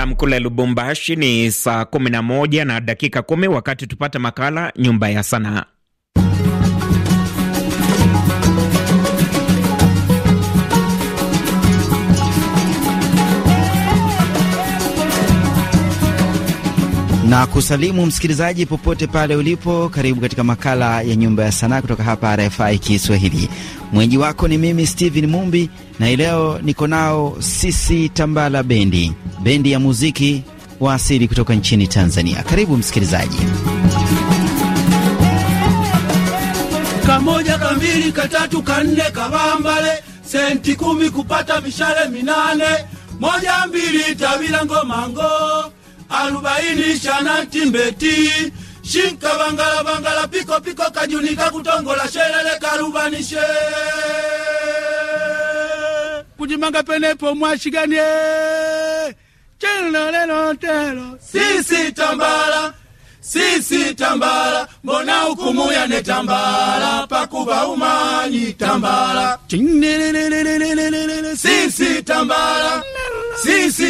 Nam Lubumbashi ni saa 11 na dakika kumi wakati tupata makala nyumba ya sanaa. na kusalimu msikilizaji popote pale ulipo. Karibu katika makala ya Nyumba ya Sanaa kutoka hapa RFI Kiswahili. Mwenyeji wako ni mimi Steven Mumbi, na leo niko nao Sisi Tambala Bendi, bendi ya muziki wa asili kutoka nchini Tanzania. Karibu msikilizaji. Kamoja, kambili, katatu, kanne, kabambale, senti kumi kupata mishale minane, moja, mbili, tabila, ngomango alubaini shanati mbeti shinka bangala bangala piko piko kajunika kutongola shelele kalubanishe kujimanga penepo mwashiganie chelo lelo sisi tambala sisi tambala mbona hukumu yane tambala pakuba umanyi tambala sisi tambala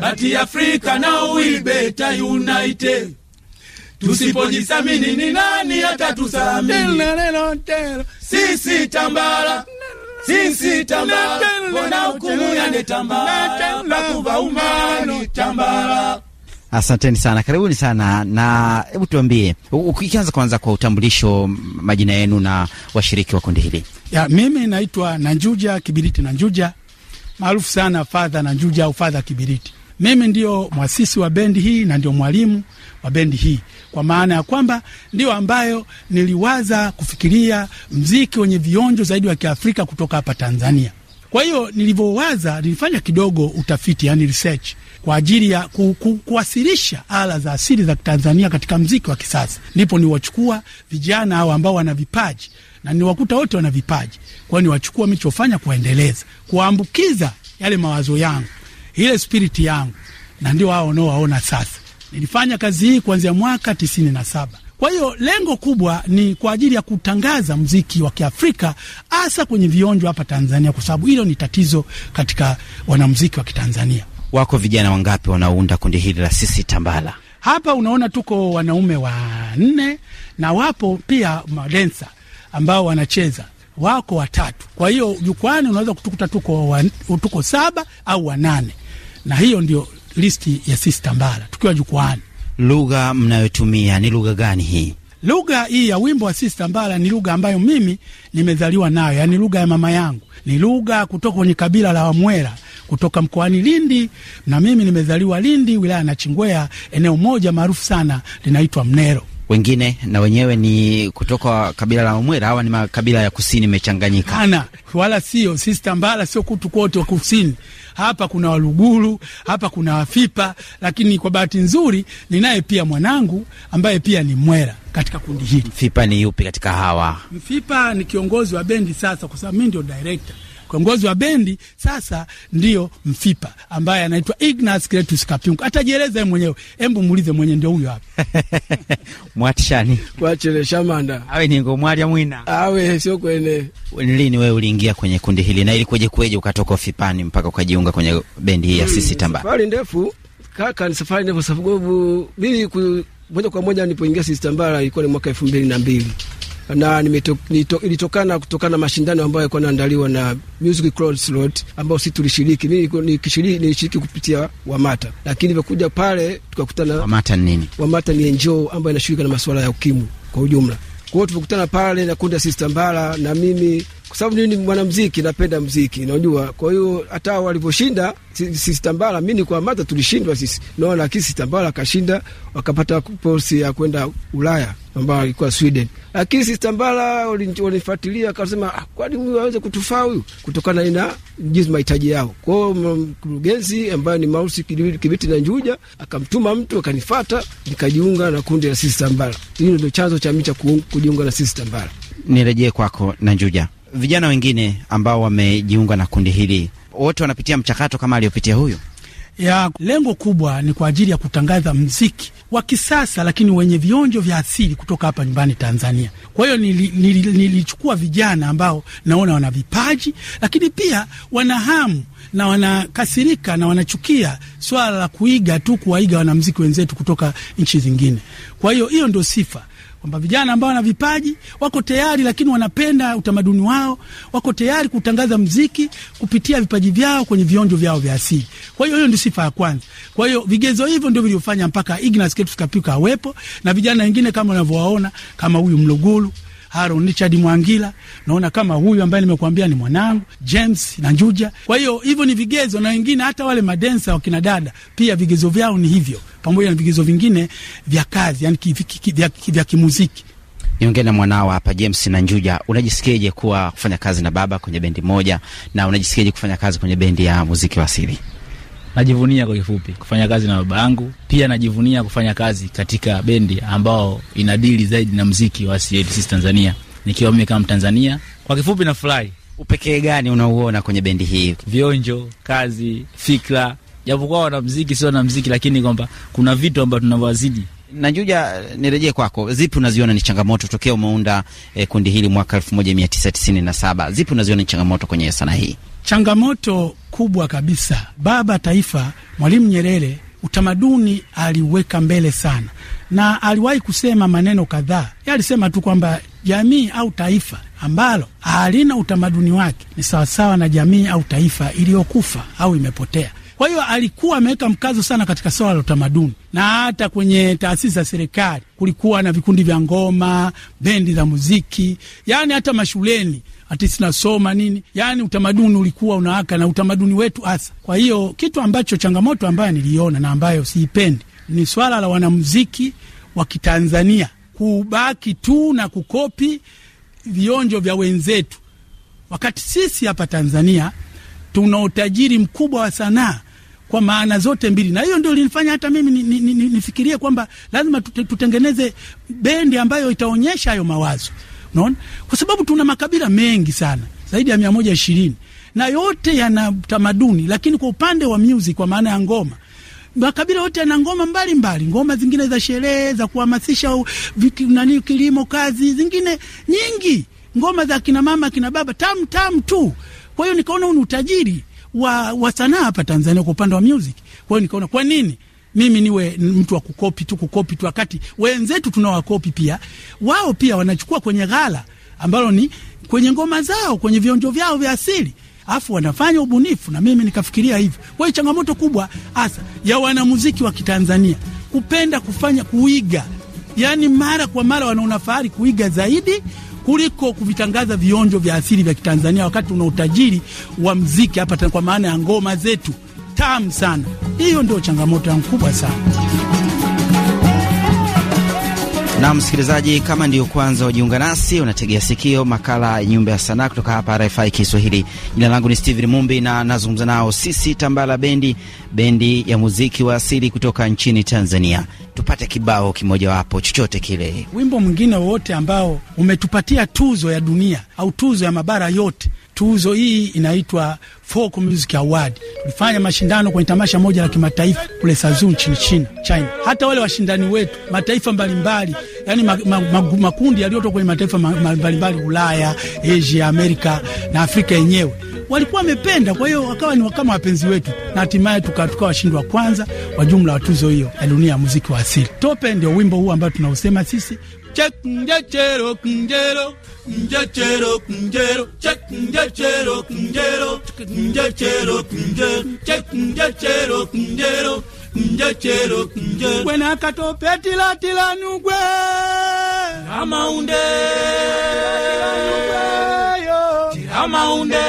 Bati Afrika now will better united. tusipojisamini ni nani atatuthamini? Sisi tambala sisi tambala bona hukumu yande tambara, bakuva umani tambala Asanteni sana, karibuni sana na hebu tuambie, ukianza kwanza kwa utambulisho, majina yenu na washiriki wa kundi hili. Ya, mimi naitwa Nanjuja Kibiriti Nanjuja maarufu sana Fadha na Njuja au Fadha Kibiriti. Mimi ndio mwasisi wa bendi hii na ndio mwalimu wa bendi hii, kwa maana ya kwamba ndio ambayo niliwaza kufikiria mziki wenye vionjo zaidi wa Kiafrika kutoka hapa Tanzania. Kwa hiyo nilivyowaza, nilifanya kidogo utafiti, yani research kwa ajili ya ku, ku, kuwasilisha ala za asili za Tanzania katika mziki wa kisasa. Ndipo niwachukua vijana hao ambao wana vipaji na niwakuta wote wana vipaji, kwa hiyo niwachukua michofanya kuendeleza kuwaendeleza, yale mawazo yangu, ile spiriti yangu, na ndio hao unaowaona sasa. Nilifanya kazi hii kuanzia mwaka tisini na saba. Kwa hiyo lengo kubwa ni kwa ajili ya kutangaza mziki wa Kiafrika hasa kwenye vionjo hapa Tanzania, kwa sababu hilo ni tatizo katika wanamziki wa Kitanzania. Wako vijana wangapi wanaounda kundi hili la sisi Tambala? Hapa unaona tuko wanaume wanne na wapo pia madensa ambao wanacheza wako watatu, kwa hiyo jukwani unaweza kutukuta tuko, tuko saba au wanane, na hiyo ndio listi ya sisi Tambala tukiwa jukwani. Lugha mnayotumia ni lugha gani hii? Lugha hii ya wimbo wa sisi Tambala ni lugha ambayo mimi nimezaliwa nayo, yaani lugha ya mama yangu, ni lugha kutoka kwenye kabila la Wamwera kutoka mkoani Lindi, na mimi nimezaliwa Lindi, wilaya ya Nachingwea, eneo moja maarufu sana linaitwa Mnero wengine na wenyewe ni kutoka kabila la Wamwera. Hawa ni makabila ya kusini mechanganyika, hana wala sio sista Mbala, sio kutu kwote wa kusini hapa. Kuna Waluguru hapa, kuna Wafipa, lakini kwa bahati nzuri ninaye pia mwanangu ambaye pia ni Mwera katika kundi hili. mfipa ni yupi katika hawa? mfipa ni kiongozi wa bendi sasa, kwa sababu mimi ndio director Kiongozi wa bendi sasa ndio Mfipa ambaye anaitwa Ignas Cletus Kapiunga. atajieleza mwenyewe. Hebu muulize mwenye, ndio huyo hapa mwatishani kwachele shamanda awe ni ngomwali mwina awe sio kwene. Lini wewe uliingia kwenye kundi hili na ilikuje kweje ukatoka Fipani mpaka ukajiunga kwenye bendi hii ya hmm, sisi tamba? Safari ndefu kaka, ni safari ndefu sababu mimi moja kwa moja nilipoingia sisi tambara ilikuwa ni mwaka elfu mbili na mbili na ilitokana kutokana na mashindano ambayo yalikuwa naandaliwa na Music Crossroads ambao sisi tulishiriki. Mimi nilishiriki kupitia Wamata, lakini nilivyokuja pale tukakutana. Wamata ni nini? Wamata ni NGO ambayo inashughulika na masuala ya ukimwi kwa ujumla. Kwa hiyo tulikutana pale na kundi la Sister na mimi kwa sababu mimi ni mwanamuziki, napenda muziki, unajua. Kwa hiyo hata walivyoshinda sisi Tambara, mimi kwa mata tulishindwa sisi, naona lakini sisi Tambara akashinda, wakapata posi ya kwenda Ulaya ambayo alikuwa Sweden, lakini sisi Tambara walifuatilia, wakasema ah, kwani huyu waweze kutufaa huyu, kutokana na jinsi mahitaji yao. Kwa hiyo mkurugenzi ambayo ni Mausi Kibiti na Njuja akamtuma mtu akanifata, nikajiunga na kundi la sisi Tambara. Hilo ndio chanzo cha mimi cha kujiunga na sisi Tambara. Nirejee kwako na Njuja vijana wengine ambao wamejiunga na kundi hili wote wanapitia mchakato kama aliyopitia huyu? ya lengo kubwa ni kwa ajili ya kutangaza mziki wa kisasa lakini wenye vionjo vya asili kutoka hapa nyumbani Tanzania. Kwa hiyo nilichukua nili, nili vijana ambao naona wana vipaji lakini pia wana hamu na wanakasirika na wanachukia swala la kuiga tu kuwaiga wanamziki wenzetu kutoka nchi zingine. Kwa hiyo hiyo ndio sifa kwamba vijana ambao wana vipaji wako tayari, lakini wanapenda utamaduni wao, wako tayari kutangaza mziki kupitia vipaji vyao kwenye vionjo vyao vya asili. Kwa hiyo hiyo ndio sifa ya kwanza. Kwa hiyo vigezo hivyo ndio vilivyofanya mpaka Ignas Ketu Kapika awepo na vijana wengine kama unavyowaona, kama huyu mluguru Aaron Richard Mwangila, naona kama huyu ambaye nimekuambia ni mwanangu James na Njuja. Kwa hiyo hivyo ni vigezo, na wengine hata wale madensa wa kina dada pia vigezo vyao ni hivyo, pamoja na vigezo vingine vya kazi, yani vya kimuziki. Niongee na mwanao hapa James na Njuja, unajisikiaje kuwa kufanya kazi na baba kwenye bendi moja, na unajisikiaje kufanya kazi kwenye bendi ya muziki wa asili? najivunia kwa kifupi kufanya kazi na baba yangu. Pia najivunia kufanya kazi katika bendi ambao inadili zaidi na mziki wa CDC Tanzania, nikiwa mimi kama Mtanzania. Kwa kifupi nafurahi. Upekee gani unauona kwenye bendi hii? Vionjo, kazi, fikra, japokuwa mziki sio na mziki, lakini kwamba kuna vitu ambavyo tunavyowazidi Najuja, nirejee kwako. Zipi unaziona ni changamoto tokea umeunda eh, kundi hili mwaka elfu moja mia tisa tisini na saba? Zipi unaziona ni changamoto kwenye sanaa hii? Changamoto kubwa kabisa, baba taifa Mwalimu Nyerere utamaduni aliweka mbele sana, na aliwahi kusema maneno kadhaa. Yeye alisema tu kwamba jamii au taifa ambalo halina utamaduni wake ni sawasawa na jamii au taifa iliyokufa au imepotea. Kwa hiyo alikuwa ameweka mkazo sana katika swala la utamaduni, na hata kwenye taasisi za serikali kulikuwa na vikundi vya ngoma, bendi za muziki, yaani hata mashuleni ati sinasoma nini, yani utamaduni ulikuwa unaaka na utamaduni wetu hasa. Kwa hiyo kitu ambacho changamoto ambayo niliona na ambayo siipendi ni swala la wanamuziki wa Kitanzania kubaki tu na kukopi vionjo vya wenzetu, wakati sisi hapa Tanzania tuna utajiri mkubwa wa sanaa kwa maana zote mbili, na hiyo ndio linifanya hata mimi ni, ni, ni, nifikirie kwamba lazima tute, tutengeneze bendi ambayo itaonyesha hayo mawazo naona Kwa sababu tuna makabila mengi sana, zaidi ya 120 na yote yana tamaduni, lakini kwa upande wa music, kwa maana ya ngoma makabila yote yana ngoma mbalimbali, ngoma zingine za sherehe, za kuhamasisha nani, kilimo, kazi zingine nyingi, ngoma za kina mama, kina baba, tam tam tu. Kwa hiyo nikaona huu ni utajiri wa, wa sanaa hapa Tanzania kwa upande wa music. Kwa hiyo nikaona kwa nini mimi niwe mtu wa kukopi tu kukopi tu, wakati wenzetu tunawakopi pia. Wao pia wanachukua kwenye ghala ambalo ni kwenye ngoma zao, kwenye vionjo vyao vya asili afu wanafanya ubunifu na mimi nikafikiria hivyo. Kwa hiyo changamoto kubwa hasa ya wanamuziki wa Kitanzania kupenda kufanya kuiga, yani mara kwa mara wanaona fahari kuiga zaidi kuliko kuvitangaza vionjo vya asili vya Kitanzania, wakati una utajiri wa mziki hapa, kwa maana ya ngoma zetu tamu sana. Hiyo ndio changamoto yangu kubwa sana. Na msikilizaji, kama ndiyo kwanza wajiunga nasi, unategea sikio makala ya Nyumba ya Sanaa kutoka hapa RFI Kiswahili. Jina langu ni Steven Mumbi na nazungumza nao Sisi Tambala Bendi, bendi ya muziki wa asili kutoka nchini Tanzania tupate kibao kimojawapo chochote kile, wimbo mwingine wowote ambao umetupatia tuzo ya dunia au tuzo ya mabara yote. Tuzo hii inaitwa Folk Music Award. Tulifanya mashindano kwenye tamasha moja la kimataifa kule Suzhou nchini China, China. Hata wale washindani wetu mataifa mbalimbali, yani ma, ma, ma, makundi yaliyotoka kwenye mataifa mbalimbali Ulaya, Asia, Amerika na Afrika yenyewe walikuwa wamependa, kwa hiyo wakawa ni kama wapenzi wetu, na hatimaye tukatuka washindi wa kwanza wa jumla wa tuzo hiyo ya dunia ya muziki wa asili. Tope ndio wimbo huu ambao tunausema sisi Njechero kunjero njechero kunjero njechero kunjero njechero kunjero njechero kunjero njechero kunjero wena katope tila tila nugwe amaunde Amaunde.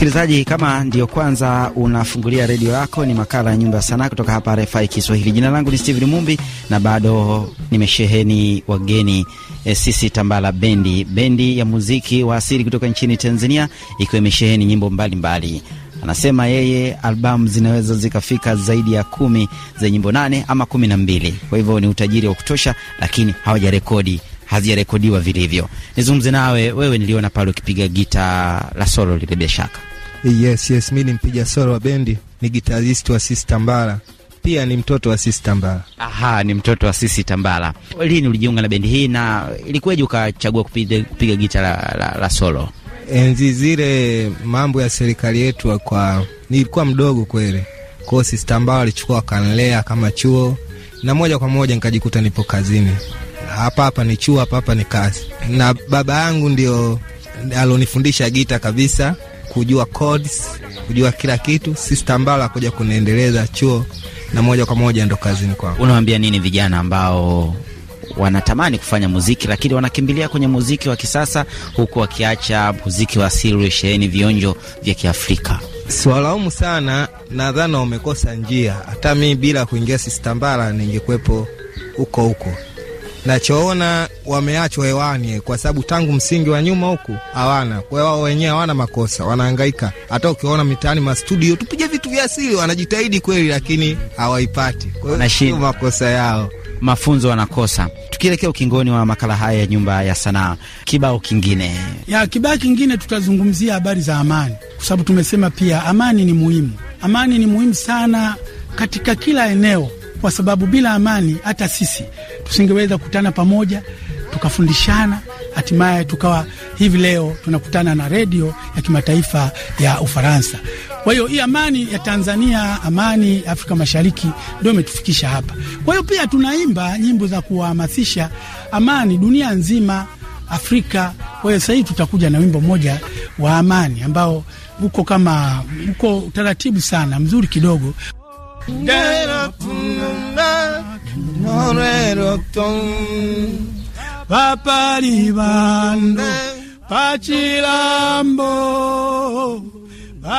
Msikilizaji, kama ndio kwanza unafungulia redio yako, ni makala ya Nyumba ya Sanaa kutoka hapa RFI Kiswahili. Jina langu ni Steven Mumbi na bado nimesheheni wageni e, sisi Tambala Bendi, bendi ya muziki wa asili kutoka nchini Tanzania, ikiwa imesheheni nyimbo mbalimbali mbali. Anasema yeye albamu zinaweza zikafika zaidi ya kumi za nyimbo nane ama kumi na mbili. Kwa hivyo ni utajiri wa kutosha, lakini hawajarekodi hazijarekodiwa vilivyo. Nizungumze nawe wewe, niliona pale ukipiga gita la solo lile, bila shaka Yes, yes, mi ni mpiga solo wa bendi, ni gitaristi wa Sisi Tambara, pia ni mtoto wa Sisi Tambara. Aha, ni mtoto wa Sisi Tambara. Lini ulijiunga na bendi hii na ilikuwaje ukachagua kupiga, kupiga gita la, la, la solo? Enzi zile mambo ya serikali yetu, kwa nilikuwa mdogo kweli, kwa Sisi Tambara alichukua kanlea kama chuo, na moja kwa moja nikajikuta nipo kazini hapa hapa ni chuo, hapa hapa ni kazi, na baba yangu ndio alonifundisha gita kabisa kujua codes, kujua kila kitu. Sister Mbala kuja kuniendeleza chuo na moja kwa moja ndo kazini kwangu. Unawaambia nini vijana ambao wanatamani kufanya muziki lakini wanakimbilia kwenye muziki wa kisasa huku wakiacha muziki wa asili uliosheheni vionjo vya Kiafrika? Siwalaumu sana, nadhani wamekosa njia. Hata mimi bila kuingia Sistambala ningekuwepo huko huko nachoona wameachwa hewani, kwa sababu tangu msingi wa nyuma huku hawana. Kwa hiyo wao wenyewe hawana makosa, wanahangaika. Hata ukiwaona mitaani mastudio, tupige vitu vya asili, wanajitahidi kweli, lakini hawaipati. Kwa hiyo makosa yao mafunzo wanakosa. Tukielekea ukingoni wa makala haya ya Nyumba ya Sanaa, kibao kingine ya kibao kingine tutazungumzia habari za amani, kwa sababu tumesema pia amani ni muhimu. Amani ni muhimu sana katika kila eneo kwa sababu bila amani hata sisi tusingeweza kukutana pamoja tukafundishana, hatimaye tukawa hivi leo tunakutana na redio ya kimataifa ya Ufaransa. Kwa hiyo hii amani ya Tanzania, amani Afrika Mashariki ndio imetufikisha hapa. Kwa hiyo pia tunaimba nyimbo za kuwahamasisha amani dunia nzima, Afrika. Kwa hiyo sasa hivi tutakuja na wimbo mmoja wa amani ambao uko kama uko utaratibu sana mzuri kidogo.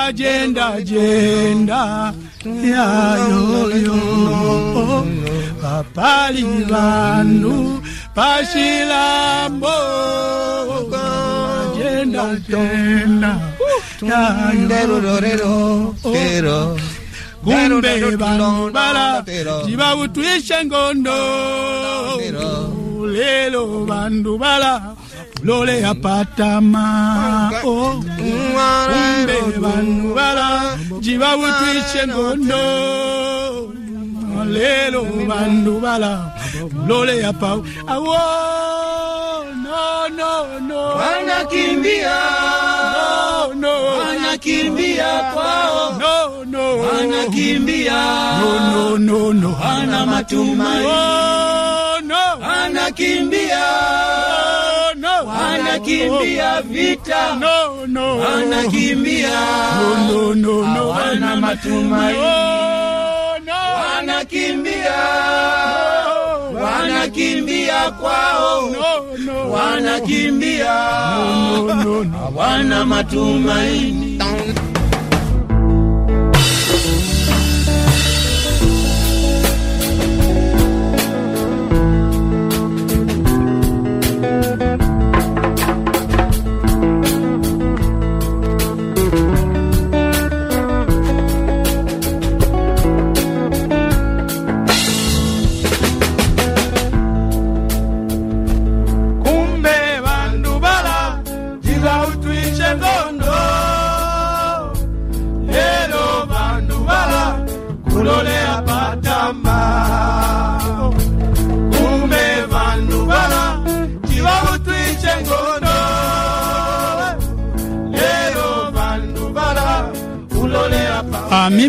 agenda agenda ya vanu pacilambo vajendajenda yayoyo agenda agenda ya vajendajenda yayoyo kumbe banubala zibabutwishe ngondo lelo bandubala lole apatama kumbe banubala zibabutwishe ngondo lelo bandubala lole apa awo no no no wanakimbia no no wanakimbia kwa anakimbia, no, no, no, no. Hana matumaini, oh, no. Anakimbia, oh, no. Anakimbia oh, vita, no, no. Anakimbia, no, no, no, no. Hana matumaini, oh, no. Anakimbia, oh, Wanakimbia kwao, no, no. Wanakimbia, no, no, no. Hawana matumaini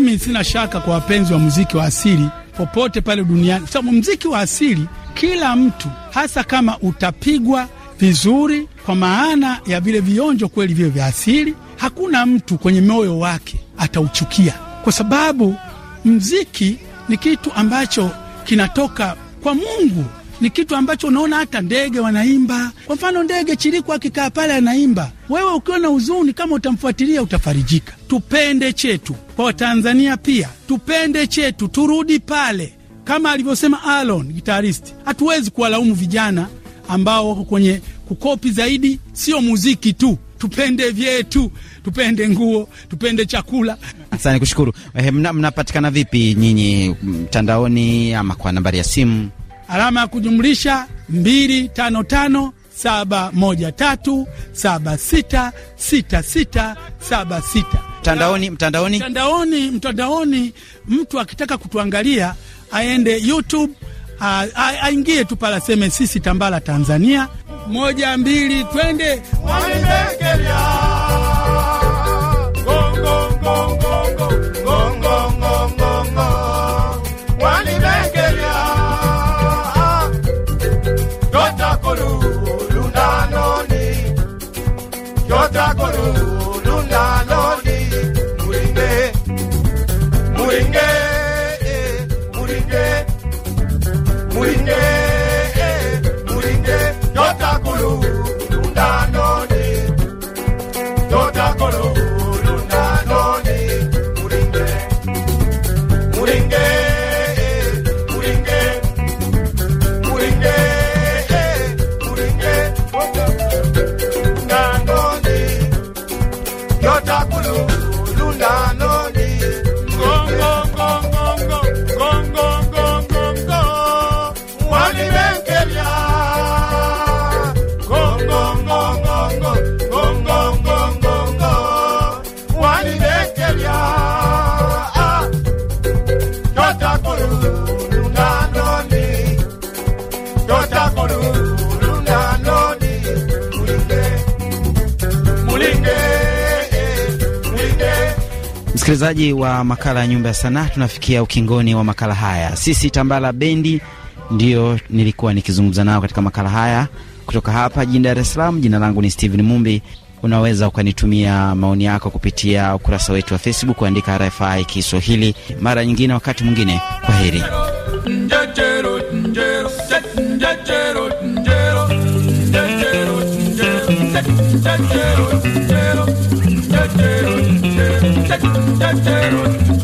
mimi sina shaka kwa wapenzi wa muziki wa asili popote pale duniani, kwa sababu muziki wa asili kila mtu, hasa kama utapigwa vizuri kwa maana ya vile vionjo kweli vile vya asili, hakuna mtu kwenye moyo wake atauchukia, kwa sababu mziki ni kitu ambacho kinatoka kwa Mungu. Ni kitu ambacho unaona hata ndege wanaimba. Kwa mfano, ndege chiriku akikaa pale anaimba, wewe ukiwa na huzuni, kama utamfuatilia utafarijika tupende chetu. Kwa Watanzania pia tupende chetu, turudi pale kama alivyosema Alon gitaristi. Hatuwezi kuwalaumu vijana ambao wako kwenye kukopi zaidi, sio muziki tu. Tupende vyetu, tupende nguo, tupende chakula. Asante kushukuru. Eh, mnapatikana mna vipi nyinyi mtandaoni, ama kwa nambari ya simu alama ya kujumlisha 255 713 76 mtandaoni mtandaoni mtandaoni mtandaoni, mtu akitaka kutuangalia aende YouTube, aingie tu pala, seme sisi Tambala Tanzania, moja mbili, twende Mwalimu Msikilizaji wa makala ya Nyumba ya Sanaa, tunafikia ukingoni wa makala haya. Sisi Tambala Bendi ndiyo nilikuwa nikizungumza nao katika makala haya kutoka hapa jijini Dar es Salaam. Jina langu ni Steven Mumbi. Unaweza ukanitumia maoni yako kupitia ukurasa wetu wa Facebook, kuandika RFI Kiswahili. Mara nyingine, wakati mwingine, kwa heri. yeah, yeah, yeah.